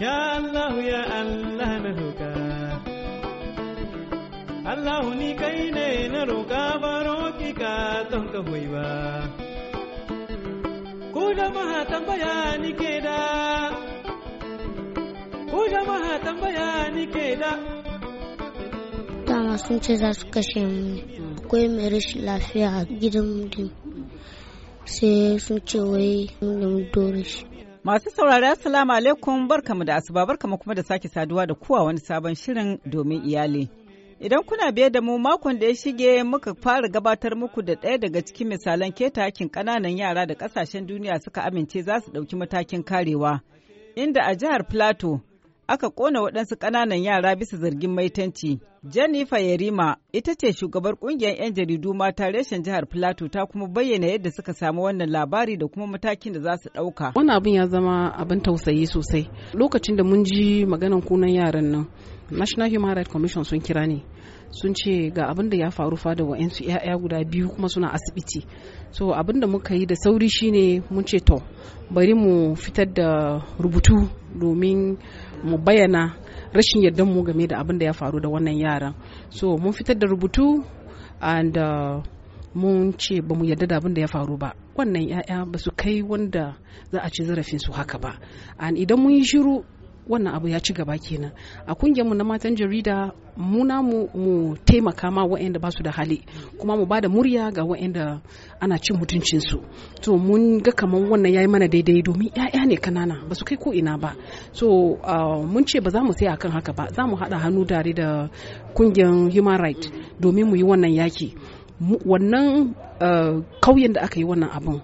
Ya Allah ya Allah na roƙa Allah ni kai ne na roƙa baro ki ka don ka hoyi ba Ku jama'a tambaya ni ke da Ku jama'a tambaya ni ke da Dama sun ce za su kashe mu akwai mai rashin lafiya a gidan mutum sai sun ce wai mu dore shi Masu saurari Assalamu alaikum barkamu da asuba barkamu kuma da sake saduwa da kuwa wani sabon shirin domin iyali. Idan kuna biye da mu makon da ya shige muka fara gabatar muku da ɗaya daga cikin misalan keta hakin ƙananan yara da ƙasashen duniya suka amince za su ɗauki matakin karewa. Inda a jihar Plateau aka kona waɗansu ƙananan yara bisa zargin maitanci. Jennifer Yerima ita ce shugabar ƙungiyar 'yan jaridu mata reshen jihar Filato ta kuma bayyana yadda suka samu wannan labari da kuma matakin da za su ɗauka. Wannan abin ya zama abin tausayi sosai. Lokacin da mun ji maganan kunan yaran nan, National Human Rights Commission sun kira ne. sun ce ga abin da ya faru fa da wa'yansu 'ya'ya guda biyu kuma suna asibiti so abin da muka yi da sauri shine mun ce to bari mu fitar da rubutu domin mu bayyana rashin yardan mu game da abin da ya faru da wannan yaran so mun fitar da rubutu and uh, mun ce ba mu yarda da abin da ya faru ba wannan 'ya'ya ba su kai wanda za a ci zarafin su haka ba and idan mun yi shiru wannan abu ya ci gaba kenan a mu na matan jarida mu mu taimaka ma wa'anda ba su da hali kuma mu bada murya ga wa'anda ana cin mutuncin su to mun ga kaman wannan yayi mana daidai domin ya'ya ne kanana ba su kai ko ina ba so mun ce ba za mu sai akan haka ba za mu haɗa hannu tare da kungiyar human right domin mu yi wannan yaki wannan kauyen da aka yi wannan abun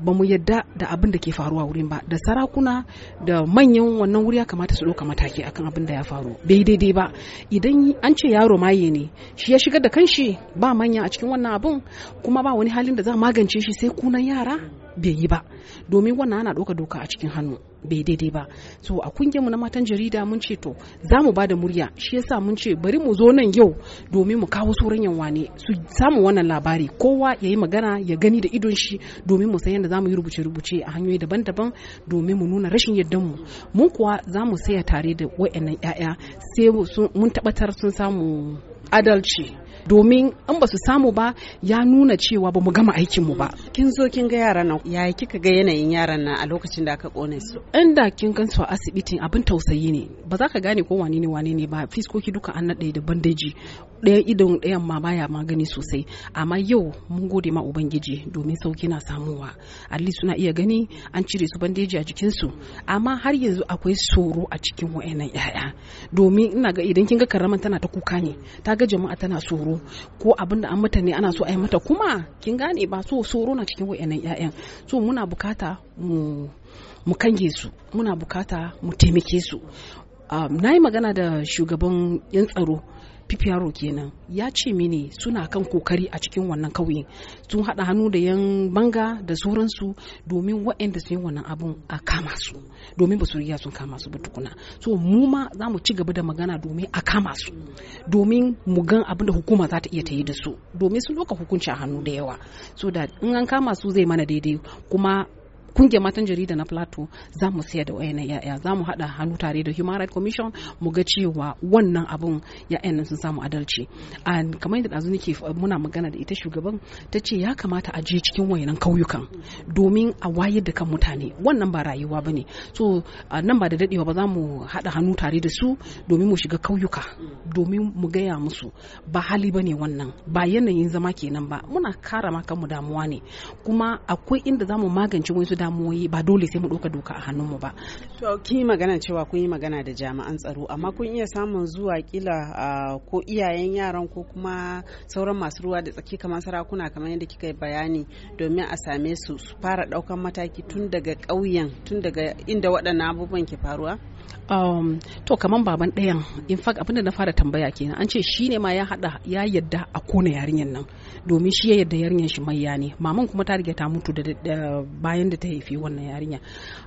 ba mu yadda da abin da ke faruwa wurin ba da sarakuna da manyan wannan wuri ya kamata su ɗauka mataki akan abin da ya faru bai daidai ba idan an ce yaro maye ne shi ya shigar da kanshi ba manya a cikin wannan abin kuma ba wani halin da za magance shi sai kunan yara bai yi ba domin wannan ana ɗauka doka a cikin hannu bai daidai ba so a kungiyar mu na matan jarida mun ce to za mu bada murya shi yasa mun ce bari mu zo nan yau domin mu kawo sauran yanwa ne su samu wannan labari kowa ya yi magana ya gani da idon shi domin mu san yadda za mu yi rubuce rubuce a hanyoyi daban-daban domin mu nuna rashin yardan mu mun kuwa za mu saya tare da wayannan 'ya'ya sai mun tabbatar sun samu adalci domin an ba su samu ba ya nuna cewa ba mu gama aikin mu ba kin zo kin ga yaran nan yayi kika ga yanayin yaran nan a lokacin da aka kone su inda kin gan su a asibitin abin tausayi ne ba za ka gane ko wane ne wane ne ba fiskoki duka an nade da bandeji ɗayan idon ɗayan ma baya magani sosai amma yau mun gode ma ubangiji domin sauki na samuwa least suna iya gani an cire su bandeji a jikinsu amma har yanzu akwai tsoro a cikin wa'annan 'ya'ya domin ina ga idan kin ga karaman tana ta kuka ne ta ga jama'a tana tsoro ko abin da an mata ana so a yi mata kuma kin gane ba so tsoro na cikin wayannan ƴaƴan so muna bukata mu mu kange su muna bukata mu taimake su Um, na yi magana da shugaban 'yan tsaro PPRO kenan ya ce mini suna kan kokari a cikin wannan kauye sun haɗa hannu da yan banga da sauransu domin waɗanda su yi wannan abun a kama su domin ba su riya sun kama su ba tukuna so mu ma za mu ci gaba da magana domin a kama su domin mu gan abin da hukuma za ta iya ta yi da su domin sun doka hukunci a hannu da yawa so da in an kama su zai mana daidai kuma kungiyar matan jarida na plateau za mu sayar da wayan ya'ya za mu haɗa hannu tare da human rights commission mu ga cewa wannan abun ya'yan nan sun samu adalci kamar yadda azu nake uh, muna magana da ita shugaban ta ce ya kamata a je cikin wayanan kauyukan domin a wayar da kan mutane wannan ba rayuwa ba ne so uh, nan ba da daɗewa ba za mu haɗa hannu tare da su domin mu shiga kauyuka domin mu gaya musu ba hali bane wannan ba yanayin zama kenan ba muna kara ma kanmu damuwa ne kuma akwai inda za mu magance wasu damuwoyi ba dole sai mu ɗauka doka a mu ba. To kin magana cewa kun yi magana da jami'an tsaro amma kun iya samun zuwa kila ko iyayen yaran ko kuma sauran masu ruwa da tsaki kamar sarakuna kamar yadda kika yi bayani domin a same su su fara ɗaukan mataki tun daga ƙauyen tun daga inda waɗannan abubuwan ke faruwa. Um, to kamar baban ɗayan in fact abinda na fara tambaya kenan an ce shi ne ma ya hada ya yadda a kona yarinyar nan domin shi ya yadda yarinyar shi ya ne maman kuma ta riga ta mutu da bayan da ta haifi wannan yarinya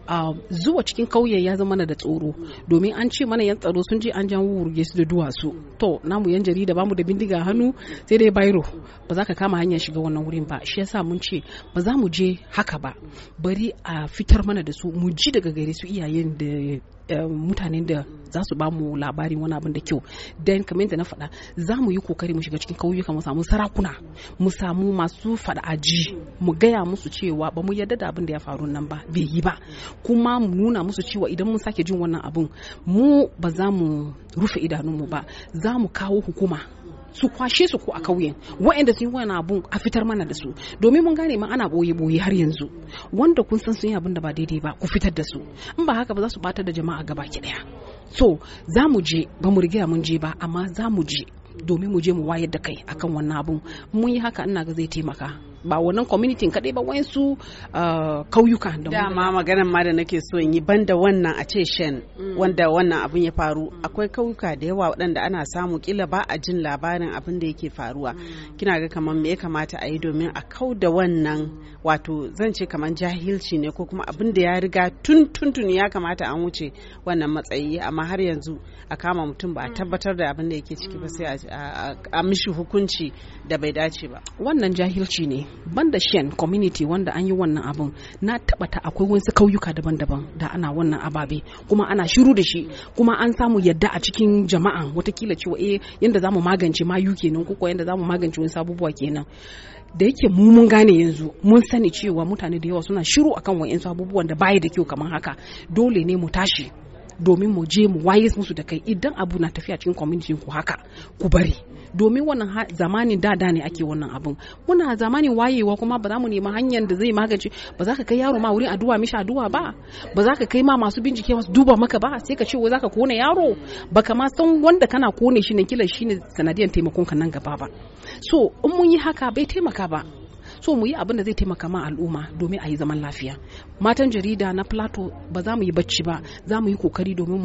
um, zuwa cikin kauye ya zama na da tsoro domin an ce mana yan tsaro sun je an jan wurge su da duwatsu to namu yan jarida bamu da bindiga hannu sai dai bairo ba za ka kama hanyar shiga wannan wurin ba shi yasa mun ce ba za mu je haka ba bari a fitar mana da su mu ji daga gare su iyayen da Um, mutanen da za su ba mu labarin wani abin da kyau dan kamar yadda na faɗa za mu yi kokari mu shiga cikin kauyuka mu samu sarakuna mu samu masu aji mu gaya musu cewa ba mu yarda da abin da ya faru nan ba bai yi ba kuma mu nuna musu cewa idan mun sake jin wannan abin mu ba za mu rufe idanunmu ba za mu kawo hukuma su kwashe su ko a kauyen waɗanda sun yi wani abun a fitar mana da su domin mun gane ma ana boye boye har yanzu wanda kun san sun yi abin da ba daidai ba ku fitar da su in ba haka ba za su ɓata da jama'a gaba ki ɗaya so za mu je ba mu riga mun je ba amma za mu je domin mu je mu wayar da kai akan wannan abun mun yi haka ina ga zai taimaka ba wannan community kaɗai ba wayansu ah, kauyuka da dama maganan ma da nake so in yi banda wannan a ce shen mm. wanda wannan abin ya faru mm. akwai kauyuka da yawa waɗanda ana samu kila ba a jin labarin abin da yake faruwa mm. kina ga kamar me ya kamata a yi domin a kau da wannan wato zan ce kamar jahilci ne ko kuma abin da ya riga tun tun ya kamata an wuce wannan matsayi amma har yanzu a kama mutum ba a tabbatar da abin da yake ciki ba sai a mishi hukunci da bai dace ba wannan jahilci ne banda shen community wanda an yi wannan abin na tabbata akwai wasu kauyuka daban-daban da ana wannan ababe kuma ana shiru da shi kuma an samu yadda a cikin jama'a watakila cewa eh yanda zamu magance ma mayu kenan ko yanda mu magance wasu abubuwa kenan da yake mu mun gane yanzu mun sani cewa mutane da yawa suna shiru akan wa'in abubuwan da bayi da kyau kamar haka dole ne mu tashi domin mu je mu waye musu da kai idan abu na tafiya cikin community ku haka ku bari domin wannan zamanin da da ne ake wannan abun muna zamanin wayewa kuma ba za mu nema hanyar da zai magance ba za ka kai yaro ma wurin addu'a mishi addu'a ba ba za ka kai ma masu bincike masu duba maka ba sai ka ce wai za ka kone yaro ba ka ma san wanda kana kone shi ne kila shine sanadiyar taimakon ka nan gaba ba so in mun yi haka bai taimaka ba so mu yi abin da zai taimaka ma al'umma domin a yi zaman lafiya matan jarida na plato ba za mu yi bacci ba za mu yi kokari domin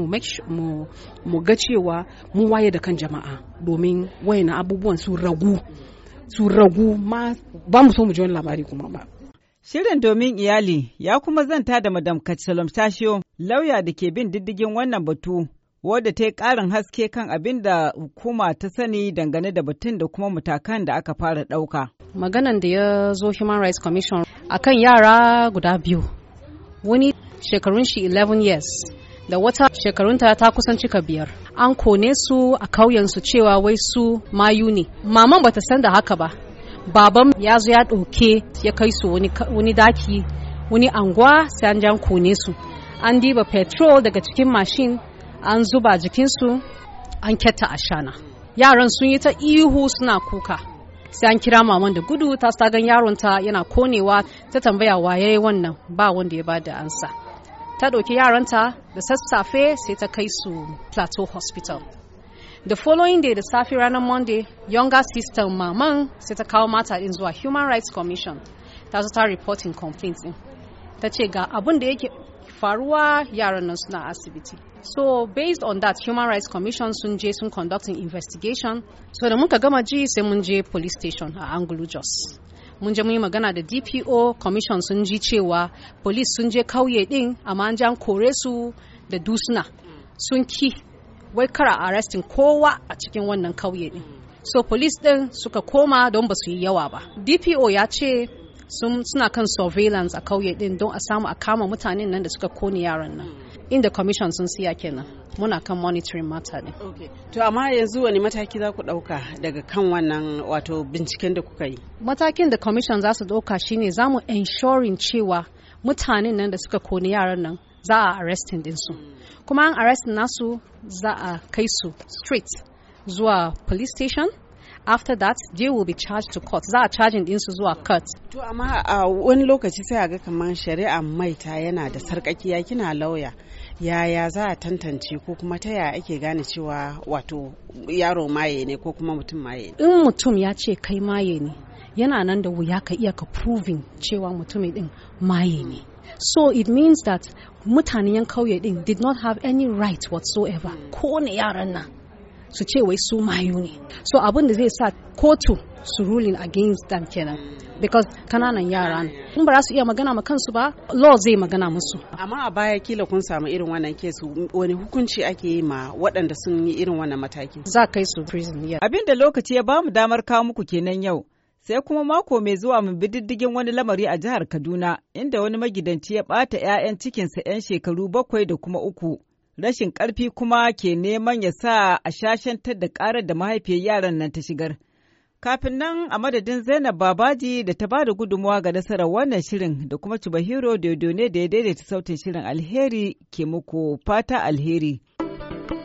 mu ga cewa mu waye da kan jama'a domin wayana abubuwan su ragu su ragu ma ba mu so mu ji wani labari kuma ba Shirin domin iyali ya kuma zanta da Madam Katsalom Tashiyo lauya da ke bin diddigin wannan batu wadda ta yi ƙarin haske kan abin da hukuma ta sani dangane da batun da kuma matakan da aka fara ɗauka. Maganan da ya zo Human Rights Commission A kan yara guda biyu, wani shekarun shi 11 years da wata shekarunta ta kusan cika biyar. An kone su a kauyensu cewa wai su mayu ne. Maman bata san da haka ba. Baban ya zo ya ɗauke ya kai su wani daki wani anguwa sai an jan kone su. An diba petrol daga cikin mashin an zuba jikinsu an keta ashana yaran sun yi ta ihu suna kuka sai an kira maman da gudu ta ta gan yaronta yana konewa ta tambaya waye wannan ba wanda ya ba da ansa ta ɗauki yaranta da sassafe sai ta kai su plateau hospital the following day da safe ranar monday younger sister maman sai ta kawo mata din zuwa human rights commission ta zo ta reporting complaints ta ce ga abin da yake faruwa yaran nan suna asibiti so based on that human rights commission sun je sun conducting investigation so da muka gama ji sai mun je police station a angulu jos mun je mun yi magana da dpo commission sun ji cewa police sun je kauye din amma an jan kore su da dusuna sun ki wai kara arrestin kowa a cikin wannan kauye din so police din suka koma don ba su yi yawa ba dpo ya ce suna kan surveillance a kauye din don a samu a kama mutanen nan da suka kone yaran nan inda commission sun siya kenan muna kan monitoring mata din to amma yanzu wani mataki za ku dauka daga kan wannan wato binciken da kuka yi matakin da commission za su dauka shine za mu ensuring cewa mutanen nan da suka kone yaran nan za a arrestin dinsu kuma an arrestin nasu za a kai su straight zuwa police station after that they will be charged to court za a charging din su zuwa court to amma a wani lokaci sai a ga kamar shari'a maita yana da sarkakiya kina lauya yaya za a tantance ko kuma ta yaya ake gane cewa wato yaro maye ne ko kuma mutum maye ne in mutum ya ce kai maye ne yana nan da wuya ka iya ka proving cewa mutumin din maye ne so it means that mutanen kauye din did not have any right whatsoever ko ne yaran nan su ce wai su mayu ne so abin da zai sa kotu su ruling against them kenan because kananan yara ne in ba za su iya magana ma kansu ba law zai magana musu amma a baya kila kun samu irin wannan kesu wani hukunci ake yi ma waɗanda sun yi irin wannan mataki za kai su prison yeah. abin da lokaci ya ba mu damar kawo muku kenan yau sai kuma mako mai zuwa mu bi diddigin wani lamari a jihar Kaduna inda wani magidanci ya ɓata 'ya'yan cikinsa 'yan shekaru bakwai da kuma uku rashin ƙarfi kuma ke neman ya sa a shashantar da ƙarar da mahaifiyar yaran nan ta shigar. Kafin nan a madadin Zainab Babaji da ta bada gudunmawa ga nasarar wannan shirin da kuma Cibahiro Dodo ne da ya daidaita sautin shirin alheri ke muku fata alheri.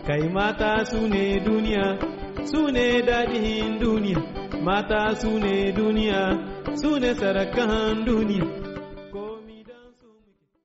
Kai mata su ne duniya, su ne daɗin duniya, mata su ne duniya, su ne sarakan duniya.